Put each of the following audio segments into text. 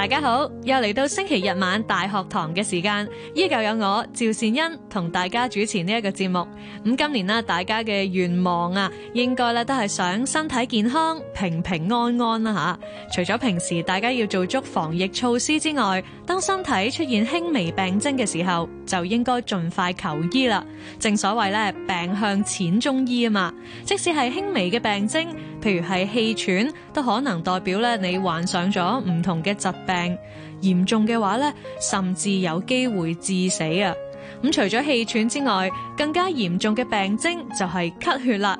大家好，又嚟到星期日晚大學堂嘅時間，依舊有我趙善恩同大家主持呢一個節目。咁今年啦，大家嘅願望啊，應該咧都係想身體健康、平平安安啦吓。除咗平時大家要做足防疫措施之外，當身體出現輕微病徵嘅時候，就應該盡快求醫啦。正所謂咧，病向淺中醫啊嘛，即使係輕微嘅病徵。譬如係氣喘，都可能代表咧你患上咗唔同嘅疾病，嚴重嘅話咧，甚至有機會致死啊！咁除咗氣喘之外，更加嚴重嘅病徵就係咳血啦。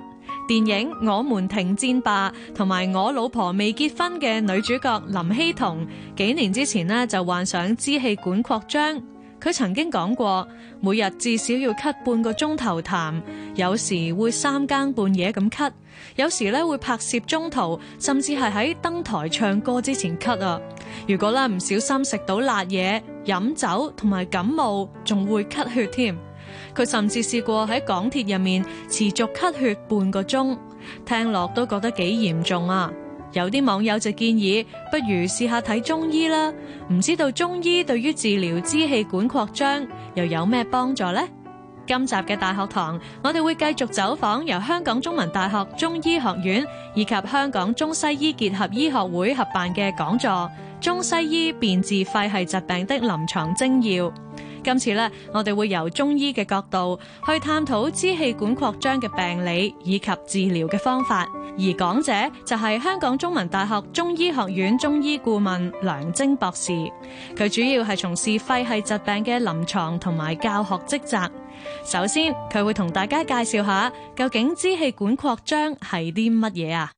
電影《我們停戰吧》同埋《我老婆未結婚》嘅女主角林希彤，幾年之前咧就患上支氣管擴張。佢曾經講過，每日至少要咳半個鐘頭痰，有時會三更半夜咁咳，有時咧會拍攝中途，甚至係喺登台唱歌之前咳啊。如果咧唔小心食到辣嘢、飲酒同埋感冒，仲會咳血添。佢甚至試過喺港鐵入面持續咳血半個鐘，聽落都覺得幾嚴重啊！有啲網友就建議，不如試下睇中醫啦。唔知道中醫對於治療支氣管擴張又有咩幫助呢？今集嘅大學堂，我哋會繼續走訪由香港中文大學中醫學院以及香港中西醫結合醫學會合辦嘅講座《中西醫辨治肺系疾病的臨床精要》。今次咧，我哋會由中醫嘅角度去探討支氣管擴張嘅病理以及治療嘅方法，而講者就係香港中文大學中醫學院中醫顧問梁晶博士，佢主要係從事肺系疾病嘅臨床同埋教學職責。首先，佢會同大家介紹下究竟支氣管擴張係啲乜嘢啊。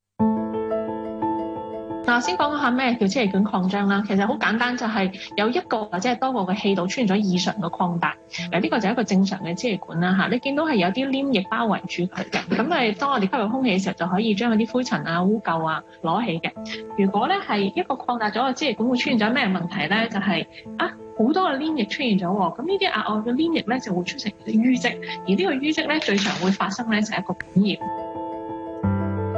先講下咩叫支氣管擴張啦。其實好簡單，就係有一個或者係多個嘅氣道出現咗異常嘅擴大。誒，呢個就係一個正常嘅支氣管啦。嚇，你見到係有啲黏液包圍住佢嘅。咁誒，當我哋吸入空氣嘅時候，就可以將嗰啲灰塵啊、污垢啊攞起嘅。如果咧係一個擴大咗嘅支氣管會出現咗咩問題咧？就係啊，好多嘅黏液出現咗。咁呢啲額外嘅黏液咧就會出成淤積，而呢個淤積咧最常會發生咧就係一個感染。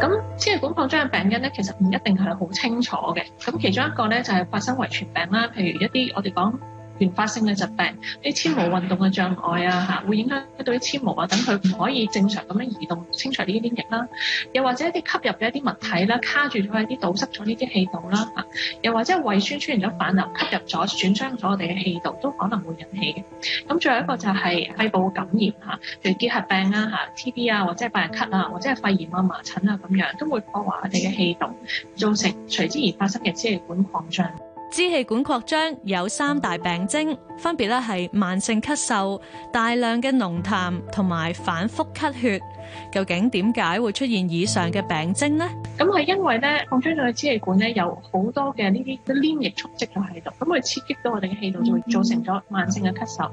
咁支氣管擴張嘅病因咧，其實唔一定係好清楚嘅。咁其中一個咧，就係、是、發生遺傳病啦，譬如一啲我哋講，原發性嘅疾病，啲纖毛運動嘅障礙啊，嚇，會影響一啲纖毛啊，等佢唔可以正常咁樣移動清除呢啲黏液啦。又或者啲吸入嘅一啲物體啦，卡住咗一啲堵塞咗呢啲氣道啦，嚇。又或者胃酸出現咗反流，吸入咗損傷咗我哋嘅氣道，都可能會引起嘅。咁仲有一個就係肺部感染嚇，譬如結核病啊、嚇 TB 啊，或者係百日咳啊，或者係肺炎啊、麻疹啊咁樣，都會破壞我哋嘅氣道，造成隨之而發生嘅支氣管擴張。支氣管擴張有三大病徵，分別咧係慢性咳嗽、大量嘅濃痰同埋反覆咳血。究竟點解會出現以上嘅病徵咧？咁係因為咧擴張咗嘅支氣管咧有好多嘅呢啲黏液蓄積咗喺度，咁佢刺激到我哋嘅氣道，就會造成咗慢性嘅咳嗽，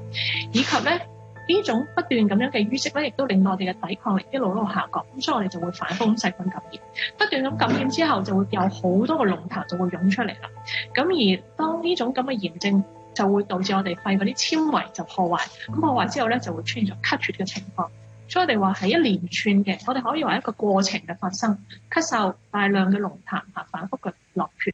以及咧。呢種不斷咁樣嘅淤積咧，亦都令到我哋嘅抵抗力一路一路下降，咁所以我哋就會反覆咁細菌感染，不斷咁感染之後就會有好多個濃痰就會湧出嚟啦。咁而當呢種咁嘅炎症就會導致我哋肺嗰啲纖維就破壞，咁破壞之後咧就會出現咗咳血嘅情況。所以我哋話係一連串嘅，我哋可以話一個過程嘅發生，咳嗽、大量嘅濃痰吓、反覆嘅落血。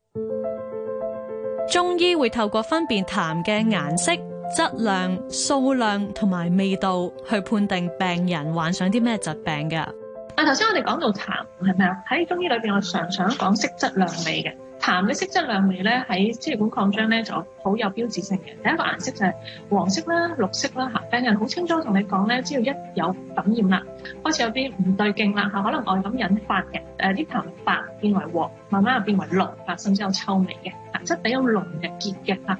中醫會透過分辨痰嘅顏色、質量、數量同埋味道去判定病人患上啲咩疾病㗎。啊，頭先我哋講到痰係咩？啊？喺中醫裏邊，我常常講色質、質量、味嘅痰嘅色、質量、味咧，喺支氣管擴張咧就好有標誌性嘅。第一個顏色就係黃色啦、綠色啦吓。病人好清楚同你講咧，只要一有感染啦，開始有啲唔對勁啦吓，可能外感引發嘅，誒、啊、啲痰白變為黃，慢慢又變為綠啊，甚至有臭味嘅吓，質、啊、地有濃嘅、結嘅吓。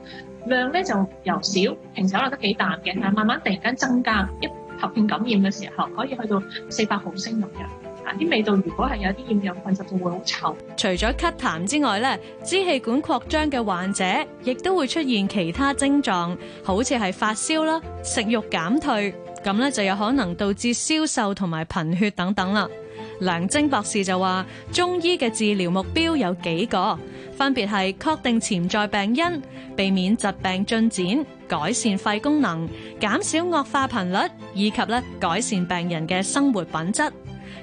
量咧就由少，平時可能得幾啖嘅，但慢慢突然間增加，一合併感染嘅時候，可以去到四百毫升咁樣。啊，啲味道如果係有啲厭氧菌就會好臭。除咗咳痰之外咧，支氣管擴張嘅患者，亦都會出現其他症狀，好似係發燒啦、食慾減退，咁咧就有可能導致消瘦同埋貧血等等啦。梁晶博士就話：中醫嘅治療目標有幾個，分別係確定潛在病因、避免疾病進展、改善肺功能、減少惡化頻率，以及咧改善病人嘅生活品質。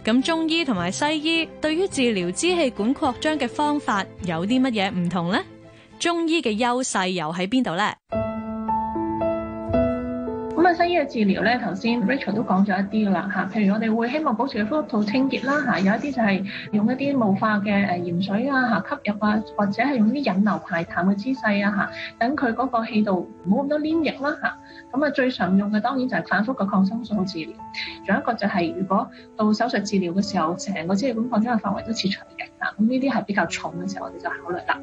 咁中醫同埋西醫對於治療支氣管擴張嘅方法有啲乜嘢唔同呢？中醫嘅優勢又喺邊度呢？咁啊，西醫嘅治療咧，頭先 Rachel 都講咗一啲噶啦嚇，譬如我哋會希望保持個呼吸道清潔啦嚇，有一啲就係用一啲霧化嘅誒鹽水啊嚇，吸入啊，或者係用啲引流排痰嘅姿勢啊嚇，等佢嗰個氣道唔好咁多黏液啦、啊、嚇。咁啊，最常用嘅當然就係反覆嘅抗生素治療，仲有一個就係如果到手術治療嘅時候，成個支氣管擴張嘅範圍都切除嘅。嗱、啊，咁呢啲係比較重嘅時候，我哋就考慮啦。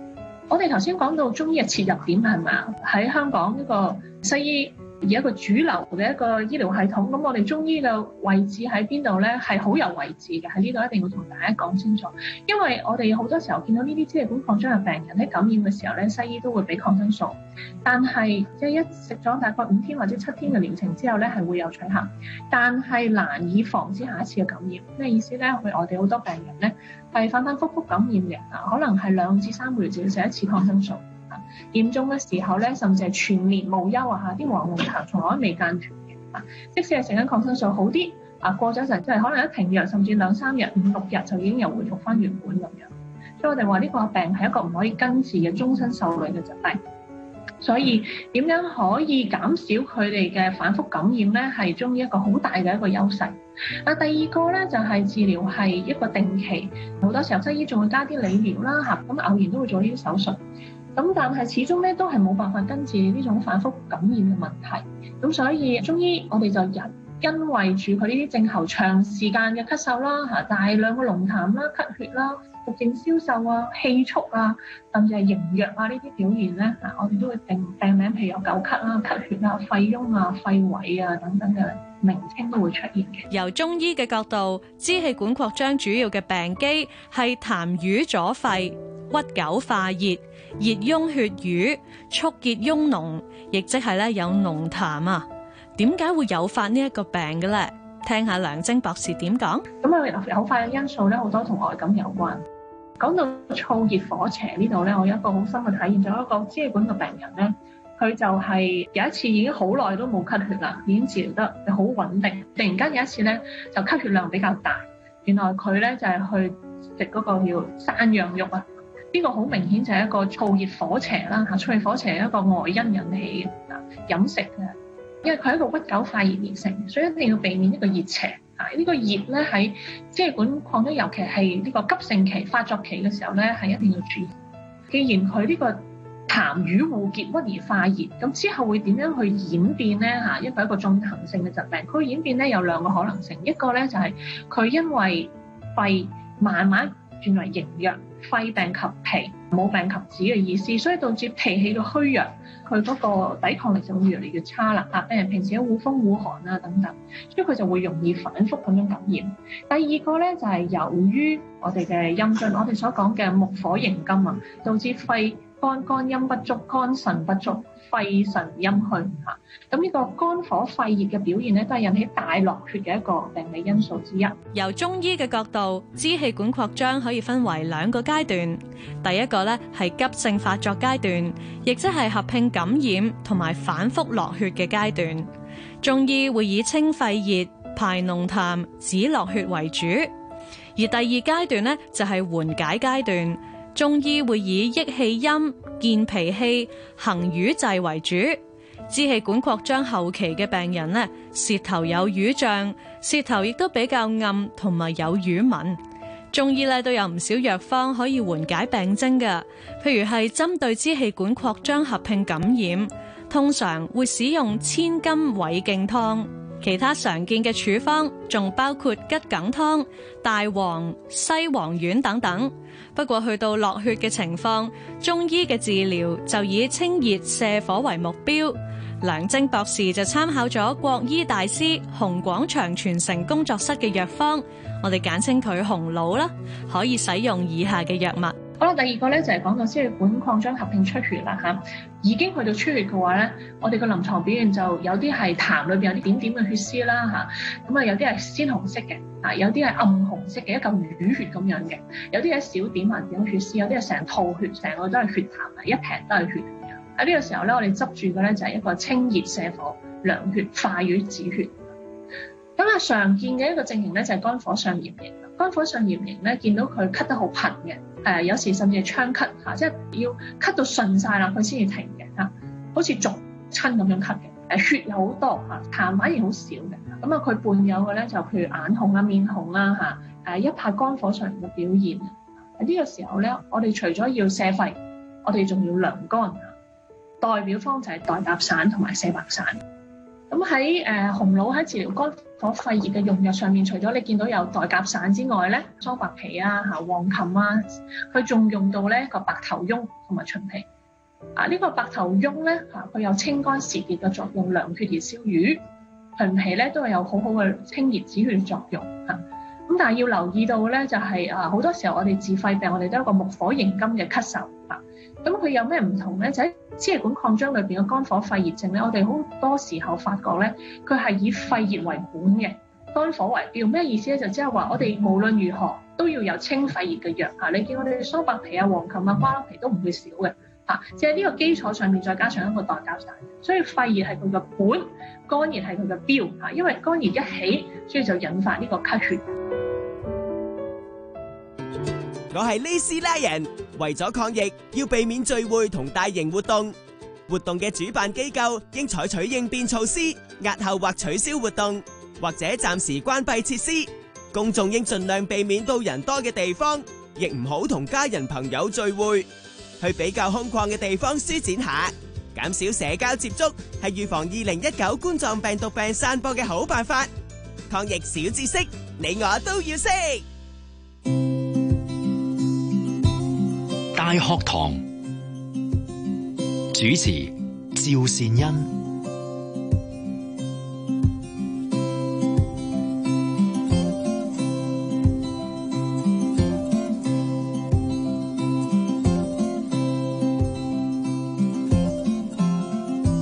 我哋頭先講到中醫嘅切入點係咪？喺香港呢個西醫，而一個主流嘅一個醫療系統，咁我哋中醫嘅位置喺邊度咧？係好有位置嘅，喺呢度一定要同大家講清楚。因為我哋好多時候見到呢啲支氣管擴張嘅病人喺感染嘅時候咧，西醫都會俾抗生素，但係即係一食咗大概五天或者七天嘅療程之後咧，係會有取效，但係難以防止下一次嘅感染。咩意思咧？佢我哋好多病人咧係反反覆覆感染嘅啊，可能係兩至三個月就要食一次抗生素。嚴重嘅時候咧，甚至係全年無休啊！吓啲黃龍騰從來都未間斷嘅啊。即使係食緊抗生素好啲啊，過咗一陣，即係可能一停藥，甚至兩三日、五六日就已經又回復翻原本咁樣。所以我哋話呢個病係一個唔可以根治嘅終身受累嘅疾病。所以點樣可以減少佢哋嘅反復感染咧？係中醫一個好大嘅一個優勢。啊，第二個咧就係、是、治療係一個定期，好多時候西醫仲會加啲理療啦，吓咁偶然都會做呢啲手術。咁但係始終咧都係冇辦法根治呢種反覆感染嘅問題，咁、嗯、所以中醫我哋就因因為住佢呢啲症候長時間嘅咳嗽啦，嚇大量的濃痰啦、咳血啦、逐漸消瘦啊、氣促啊，甚至係營弱啊呢啲表現咧，嚇我哋都會定病名，譬如有久咳啦、咳血啊、肺癰啊、肺痿啊等等嘅名稱都會出現嘅。由中醫嘅角度，支氣管擴張主要嘅病機係痰瘀阻肺。屈久化熱，熱擁血瘀，促結壅膿亦即係咧有膿痰啊。點解會誘發呢一個病嘅咧？聽下梁晶博士點講。咁啊，誘發嘅因素咧，好多同外感有關。講到燥熱火邪呢度咧，我有一個好深嘅體驗，咗一個支氣管嘅病人咧，佢就係有一次已經好耐都冇咳血啦，已經治療得好穩定。突然間有一次咧，就咳血量比較大，原來佢咧就係去食嗰個叫山羊肉啊。呢個好明顯就係一個燥熱火邪啦嚇，燥熱火邪係一個外因引起嘅，飲食嘅，因為佢係一個鬱久化熱而成，所以一定要避免呢個熱邪嚇。呢個熱咧喺支氣管擴張尤其係呢個急性期發作期嘅時候咧，係一定要注意。既然佢呢個痰瘀互結鬱而化熱，咁之後會點樣去演變咧嚇？因為一個進行性嘅疾病，佢演變咧有兩個可能性，一個咧就係佢因為肺慢慢轉為營養。肺病及脾，冇病及子嘅意思，所以導致脾氣嘅虛弱，佢嗰個抵抗力就會越嚟越差啦。啊，病人平時喺護風護寒啊等等，所以佢就會容易反覆噉樣感染。第二個咧就係、是、由於我哋嘅陰津，我哋所講嘅木火刑金啊，導致肺。肝肝陰不足，肝腎不足、肺腎陰虛嚇，咁呢個肝火肺熱嘅表現咧，都係引起大落血嘅一個病理因素之一。由中醫嘅角度，支氣管擴張可以分為兩個階段，第一個咧係急性發作階段，亦即係合併感染同埋反覆落血嘅階段，中醫會以清肺熱、排濃痰、止落血為主；而第二階段咧就係緩解階段。中醫會以益氣陰、健脾氣、行瘀滯為主。支氣管擴張後期嘅病人呢，舌頭有瘀脹，舌頭亦都比較暗，同埋有瘀紋。中醫咧都有唔少藥方可以緩解病徵嘅，譬如係針對支氣管擴張合併感染，通常會使用千金葦莖湯。其他常見嘅處方仲包括桔梗湯、大黃、西黃丸等等。不過去到落血嘅情況，中醫嘅治療就以清熱瀉火為目標。梁晶博士就參考咗國醫大師洪廣祥傳承工作室嘅藥方，我哋簡稱佢洪老啦，可以使用以下嘅藥物。好啦，第二個咧就係講到支氣管擴張，合併出血啦嚇，啊，已經去到出血嘅話咧，我哋個臨床表現就有啲係痰裏邊有啲點點嘅血絲啦嚇，咁啊有啲係鮮紅色嘅，啊有啲係暗紅色嘅，一嚿瘀血咁樣嘅，有啲係小點啊點血絲，有啲係成套血，成個都係血痰啊，一平都係血。喺呢個時候咧，我哋執住嘅咧就係一個清熱瀉火、涼血化瘀止血。咁啊，常見嘅一個證型咧就係、是、肝火上炎肝火上炎型咧，見到佢咳得好頻嘅，誒、呃、有時甚至係槍咳嚇、啊，即係要咳到順晒啦，佢先至停嘅嚇、啊，好似逐親咁樣咳嘅，誒、啊、血又好多嚇、啊，痰反而好少嘅。咁啊，佢伴有嘅咧就譬如眼紅啊、面紅啦嚇，誒、啊、一派肝火上炎嘅表現喺呢、啊這個時候咧，我哋除咗要瀉肺，我哋仲要涼肝啊。代表方就係代達散同埋瀉白散。咁喺誒紅腦喺治療肝。我肺熱嘅用藥上面，除咗你見到有代甲散之外咧，桑白皮啊、嚇黃芩啊，佢仲用到咧、啊呢個白頭翁同埋秦皮。啊，呢個白頭翁咧嚇，佢有清肝泄熱嘅作用，涼血熱消瘀；秦皮咧都係有好好嘅清熱止血作用嚇。咁、啊、但係要留意到咧，就係、係、啊，好多時候我哋治肺病，我哋都係一個木火刑金嘅咳嗽啊。咁佢有咩唔同咧？就喺支氣管擴張裏邊嘅肝火肺熱症咧，我哋好多時候發覺咧，佢係以肺熱為本嘅，肝火為標。咩意思咧？就即係話我哋無論如何都要有清肺熱嘅藥嚇、啊。你見我哋桑白皮，皮啊、黃芩啊、瓜蔞皮都唔會少嘅嚇。只係呢個基礎上面再加上一個黛蛤散，所以肺熱係佢嘅本，肝熱係佢嘅標嚇、啊。因為肝熱一起，所以就引發呢個咳血。我係呢 a c 人。為咗抗疫，要避免聚會同大型活動。活動嘅主辦機構應採取應變措施，押後或取消活動，或者暫時關閉設施。公眾應盡量避免到人多嘅地方，亦唔好同家人朋友聚會，去比較空曠嘅地方舒展下，減少社交接觸，係預防二零一九冠狀病毒病散播嘅好辦法。抗疫小知識，你我都要識。大學堂主持趙善恩，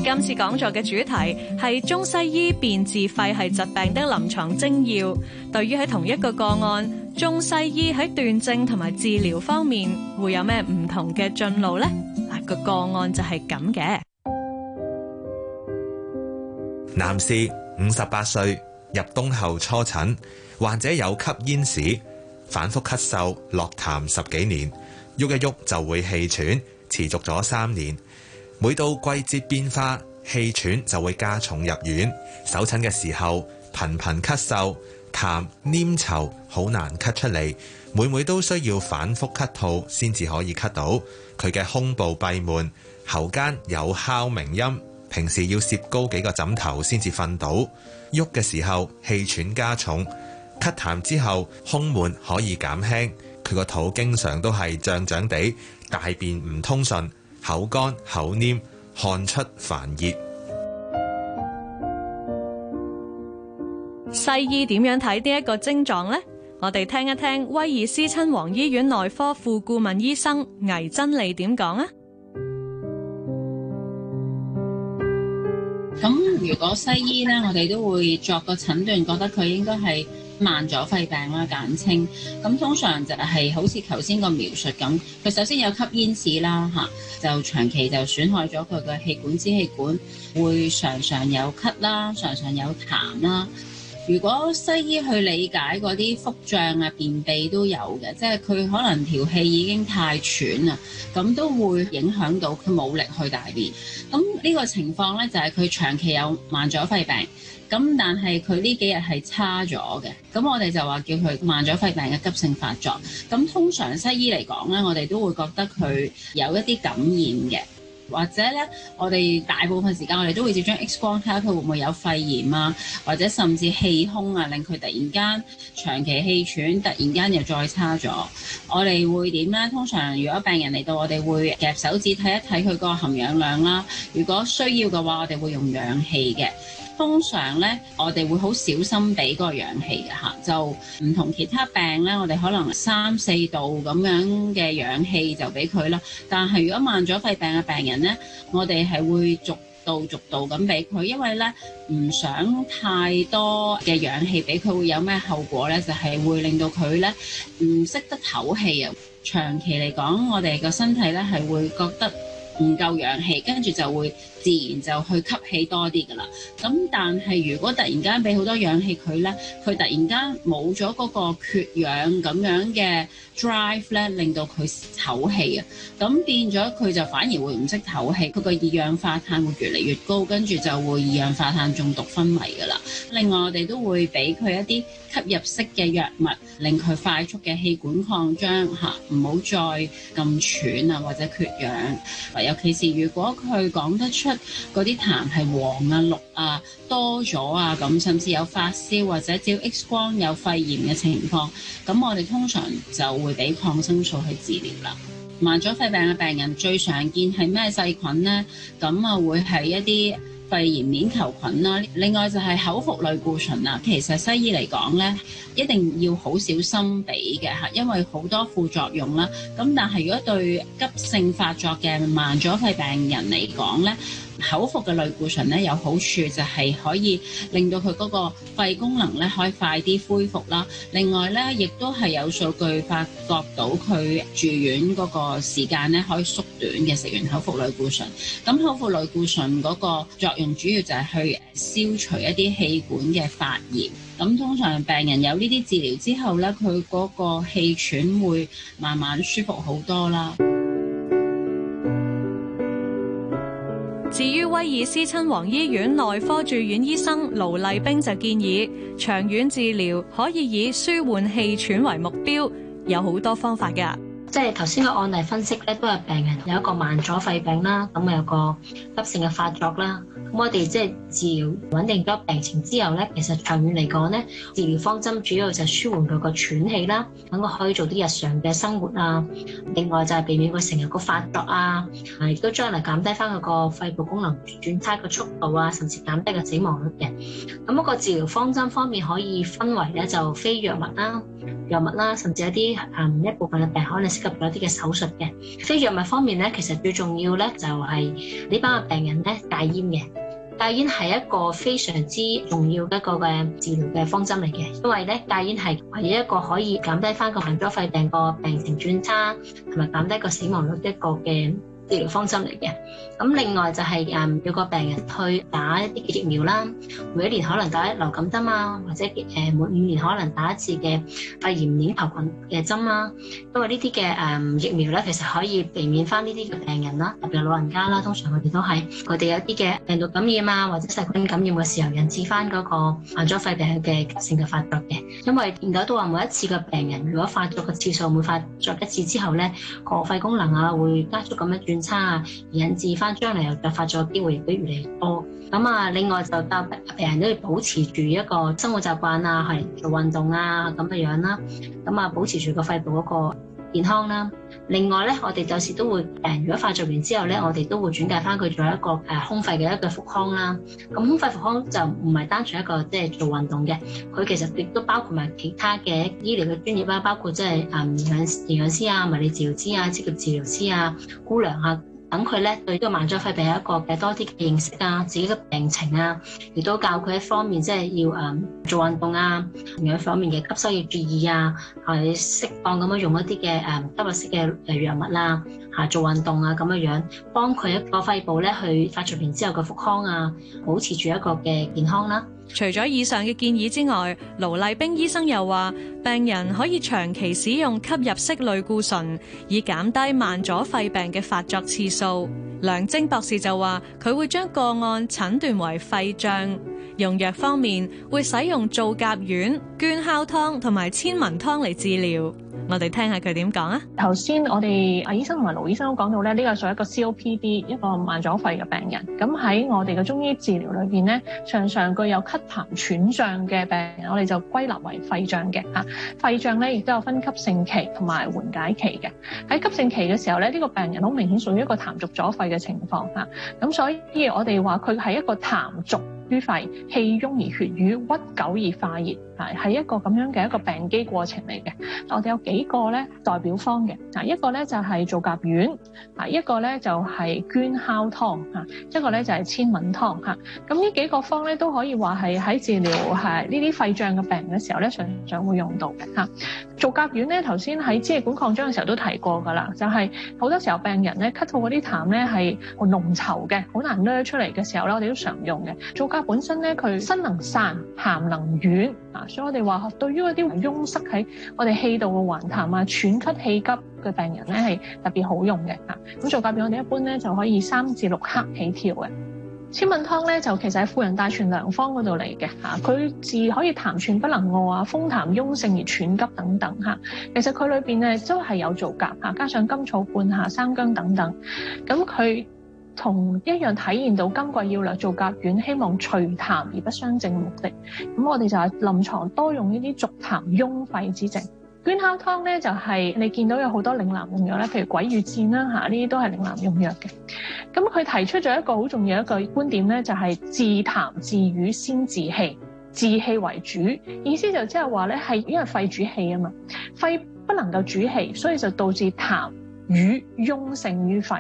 今次講座嘅主題係中西醫辨治肺系疾病的臨床精要，對於喺同一個個案。中西醫喺斷症同埋治療方面會有咩唔同嘅進路呢？個個案就係咁嘅。男士五十八歲，入冬後初診，患者有吸煙史，反覆咳嗽、落痰十幾年，喐一喐就會氣喘，持續咗三年。每到季節變化，氣喘就會加重，入院。首診嘅時候頻頻咳嗽。痰黏稠，好難咳出嚟，每每都需要反復咳吐先至可以咳到。佢嘅胸部閉悶，喉間有哮鳴音，平時要攝高幾個枕頭先至瞓到。喐嘅時候氣喘加重，咳痰之後胸悶可以減輕。佢個肚經常都係脹脹地，大便唔通順，口乾口黏，汗出煩熱。西醫點樣睇呢一個症狀呢？我哋聽一聽威爾斯親王醫院內科副顧問醫生倪珍莉點講啊。咁如果西醫呢，我哋都會作個診斷，覺得佢應該係慢阻肺病啦，簡稱咁。通常就係好似頭先個描述咁，佢首先有吸煙史啦，吓就長期就損害咗佢嘅氣管支氣管，會常常有咳啦，常常有痰啦。常常如果西醫去理解嗰啲腹脹啊、便秘都有嘅，即係佢可能條氣已經太喘啦，咁都會影響到佢冇力去大便。咁呢個情況呢，就係佢長期有慢阻肺病，咁但係佢呢幾日係差咗嘅。咁我哋就話叫佢慢阻肺病嘅急性發作。咁通常西醫嚟講呢，我哋都會覺得佢有一啲感染嘅。或者咧，我哋大部分時間我哋都會照張 X 光睇下佢會唔會有肺炎啊，或者甚至氣胸啊，令佢突然間長期氣喘，突然間又再差咗，我哋會點咧？通常如果病人嚟到，我哋會夾手指睇一睇佢個含氧量啦。如果需要嘅話，我哋會用氧氣嘅。通常咧，我哋會好小心俾嗰個氧氣㗎，就唔同其他病咧，我哋可能三四度咁樣嘅氧氣就俾佢啦。但係如果慢阻肺病嘅病人咧，我哋係會逐度逐度咁俾佢，因為咧唔想太多嘅氧氣俾佢會有咩後果咧，就係、是、會令到佢咧唔識得唞氣啊。長期嚟講，我哋個身體咧係會覺得。唔夠氧氣，跟住就會自然就去吸氣多啲噶啦。咁但係如果突然間俾好多氧氣佢咧，佢突然間冇咗嗰個缺氧咁樣嘅 drive 咧，令到佢唞氣啊，咁變咗佢就反而會唔識唞氣，佢個二氧化碳會越嚟越高，跟住就會二氧化碳中毒昏迷噶啦。另外我哋都會俾佢一啲。吸入式嘅藥物，令佢快速嘅氣管擴張吓，唔好再咁喘啊，或者缺氧。尤其是如果佢講得出嗰啲痰係黃啊、綠啊多咗啊，咁甚至有發燒或者照 X 光有肺炎嘅情況，咁我哋通常就會俾抗生素去治療啦。慢阻肺病嘅病人最常見係咩細菌呢？咁啊，會係一啲。肺炎鏈球菌啦，另外就係口服類固醇啦。其實西醫嚟講呢，一定要好小心俾嘅嚇，因為好多副作用啦。咁但係如果對急性發作嘅慢阻肺病人嚟講呢，口服嘅類固醇咧有好處，就係可以令到佢嗰個肺功能咧可以快啲恢復啦。另外咧，亦都係有數據發覺到佢住院嗰個時間咧可以縮短嘅。食完口服類固醇，咁口服類固醇嗰個作用主要就係去消除一啲氣管嘅發炎。咁通常病人有呢啲治療之後咧，佢嗰個氣喘會慢慢舒服好多啦。至於威爾斯親王醫院內科住院醫生盧麗冰就建議，長遠治療可以以舒緩氣喘為目標，有好多方法噶即係頭先個案例分析咧，都係病人有一個慢阻肺病啦，咁啊有個急性嘅發作啦。咁我哋即係治療穩定咗病情之後咧，其實長遠嚟講咧，治療方針主要就舒緩佢個喘氣啦，等佢可以做啲日常嘅生活啊。另外就係避免佢成日個發作啊，啊亦都將嚟減低翻佢個肺部功能轉差嘅速度啊，甚至減低個死亡率嘅。咁、那、嗰個治療方針方面可以分為咧，就非藥物啦、啊、藥物啦、啊，甚至有啲啊一部分嘅病可能涉及一啲嘅手術嘅。非藥物方面咧，其實最重要咧就係呢班嘅病人咧戒煙嘅。戒煙係一個非常之重要一個嘅治療嘅方針嚟嘅，因為咧戒煙係唯一一個可以減低翻個慢阻肺病個病情轉差，同埋減低個死亡率一個嘅。治療方針嚟嘅，咁另外就係誒要個病人去打一啲嘅疫苗啦，每一年可能打一流感針啊，或者誒每五年可能打一次嘅肺炎鏈球菌嘅針啦。因為呢啲嘅誒疫苗咧，其實可以避免翻呢啲嘅病人啦，特別係老人家啦，通常佢哋都係佢哋有啲嘅病毒感染啊，或者細菌感染嘅時候引致翻嗰個慢阻肺病嘅急性嘅發作嘅。因為研究都話，每一次嘅病人如果發作嘅次數每發作一次之後咧，個肺功能啊會加速咁樣轉差啊，而引致翻將來又復發作嘅機會亦都越嚟越多。咁啊，另外就得病人都要保持住一個生活習慣啊，係做運動啊咁嘅樣啦。咁啊，保持住個肺部嗰個。健康啦，另外咧，我哋有時都會誒、呃，如果發作完之後咧，我哋都會轉介翻佢做一個誒胸、呃、肺嘅一個復康啦。咁、嗯、胸肺復康就唔係單純一個即係做運動嘅，佢其實亦都包括埋其他嘅醫療嘅專業啦，包括即係誒營養營養師啊、物理治療師啊、職業治療師啊、姑娘啊。等佢咧對呢個慢阻肺病有一個嘅多啲嘅認識啊，自己嘅病情啊，亦都教佢一方面即係要誒、嗯、做運動啊，另一方面嘅吸收要注意啊，係適當咁樣用一啲嘅誒吸入式嘅誒藥物啦，嚇、啊、做運動啊咁樣樣，幫佢一個肺部咧去發作完之後嘅復康啊，保持住一個嘅健康啦、啊。除咗以上嘅建議之外，盧麗冰醫生又話，病人可以長期使用吸入式類固醇，以減低慢阻肺病嘅發作次數。梁晶博士就話，佢會將個案診斷為肺脹，用藥方面會使用皂莢丸、蠲哮湯同埋千文湯嚟治療。我哋聽下佢點講啊！頭先我哋倪醫生同埋盧醫生都講到咧，呢個屬於一個 COPD 一個慢阻肺嘅病人。咁喺我哋嘅中醫治療裏邊咧，常常具有咳痰喘脹嘅病人，我哋就歸納為肺脹嘅嚇。肺脹咧亦都有分急性期同埋緩解期嘅，喺急性期嘅時候咧，呢個病人好明顯屬於一個痰濁阻肺嘅情況嚇。咁所以我哋話佢係一個痰濁。淤肺氣壅而血瘀、鬱久而化熱，係係一個咁樣嘅一個病機過程嚟嘅。我哋有幾個咧代表方嘅，啊一個咧就係、是、皂莢丸，啊一個咧就係、是、捐烤湯，啊一個咧就係千文湯，嚇。咁呢幾個方咧都可以話係喺治療係呢啲肺脹嘅病嘅時候咧，常常會用到嘅。嚇、啊，皂莢丸咧頭先喺支氣管擴張嘅時候都提過噶啦，就係、是、好多時候病人咧咳吐嗰啲痰咧係好濃稠嘅，好難掠出嚟嘅時候咧，我哋都常用嘅。皂本身咧，佢辛能散，鹹能軟啊，所以我哋話對於嗰啲壅塞喺我哋氣道嘅頑痰啊、喘咳氣急嘅病人咧，係特別好用嘅啊。咁皂莢價，我哋一般咧就可以三至六克起跳嘅。千緡湯咧，就其實係《婦人大全良方》嗰度嚟嘅吓，佢治可以痰喘不能臥啊、風痰壅盛而喘急等等吓、啊。其實佢裏邊咧都係有皂莢啊，加上甘草下、半夏、生薑等等，咁、啊、佢。同一樣體現到金匱要略皂莢丸，希望除痰而不傷正嘅目的。咁我哋就係臨床多用呢啲濁痰壅肺之症。薑烤湯咧就係、是、你見到有好多嶺南用藥咧，譬如鬼羽箭啦嚇，呢啲、啊、都係嶺南用藥嘅。咁佢提出咗一個好重要一個觀點咧，就係、是、治痰治瘀先治氣，治氣為主。意思就即係話咧係因為肺主氣啊嘛，肺不能夠主氣，所以就導致痰。瘀壅性於肺，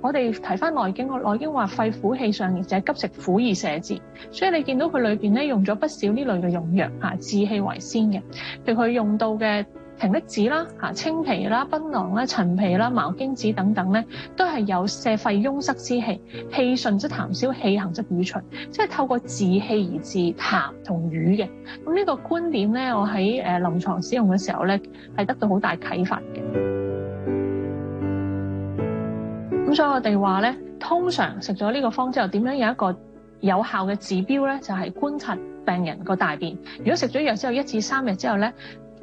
我哋睇翻《內經》，《內經》話肺苦氣上，而且急食苦而泄之。所以你見到佢裏邊咧用咗不少呢類嘅藥物嚇，治、啊、氣為先嘅。譬如佢用到嘅葶藶子啦、嚇青皮啦、檳榔啦、陳皮啦、茅根子等等咧，都係有泄肺壅塞之氣。氣順則痰消，氣行則瘀除，即係透過治氣而治痰同瘀嘅。咁呢個觀點咧，我喺誒臨床使用嘅時候咧，係得到好大啟發嘅。所以我哋話咧，通常食咗呢個方之後，點樣有一個有效嘅指標咧？就係、是、觀察病人個大便。如果食咗藥之後一至三日之後咧，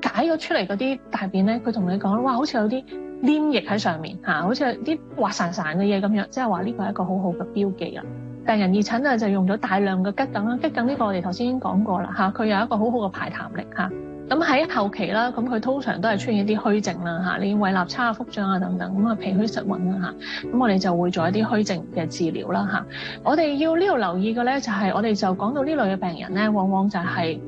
解咗出嚟嗰啲大便咧，佢同你講哇，好似有啲黏液喺上面吓、啊，好似有啲滑潺潺嘅嘢咁樣，即係話呢個係一個好好嘅標記啊。病人二診啊，就用咗大量嘅桔梗啦。桔梗呢個我哋頭先已經講過啦，吓、啊、佢有一個好好嘅排痰力吓。啊咁喺後期啦，咁佢通常都係出現一啲虛症啦，嚇，啲胃納差啊、腹脹啊等等，咁啊脾虛失運啦，嚇，咁我哋就會做一啲虛症嘅治療啦，嚇。我哋要呢度留意嘅咧，就係我哋就講到呢類嘅病人咧，往往就係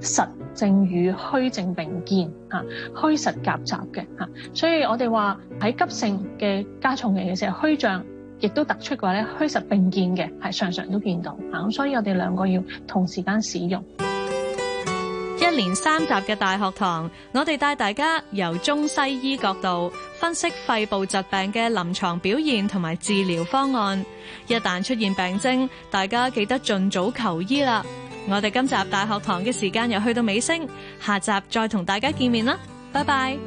實症與虛症並見，嚇，虛實夾雜嘅，嚇。所以我哋話喺急性嘅加重期嘅時候，虛象亦都突出嘅話咧，虛實並見嘅，係常常都見到，嚇。咁所以我哋兩個要同時間使用。一連三集嘅大學堂，我哋帶大家由中西醫角度分析肺部疾病嘅臨床表現同埋治療方案。一旦出現病徵，大家記得盡早求醫啦。我哋今集大學堂嘅時間又去到尾聲，下集再同大家見面啦。拜拜。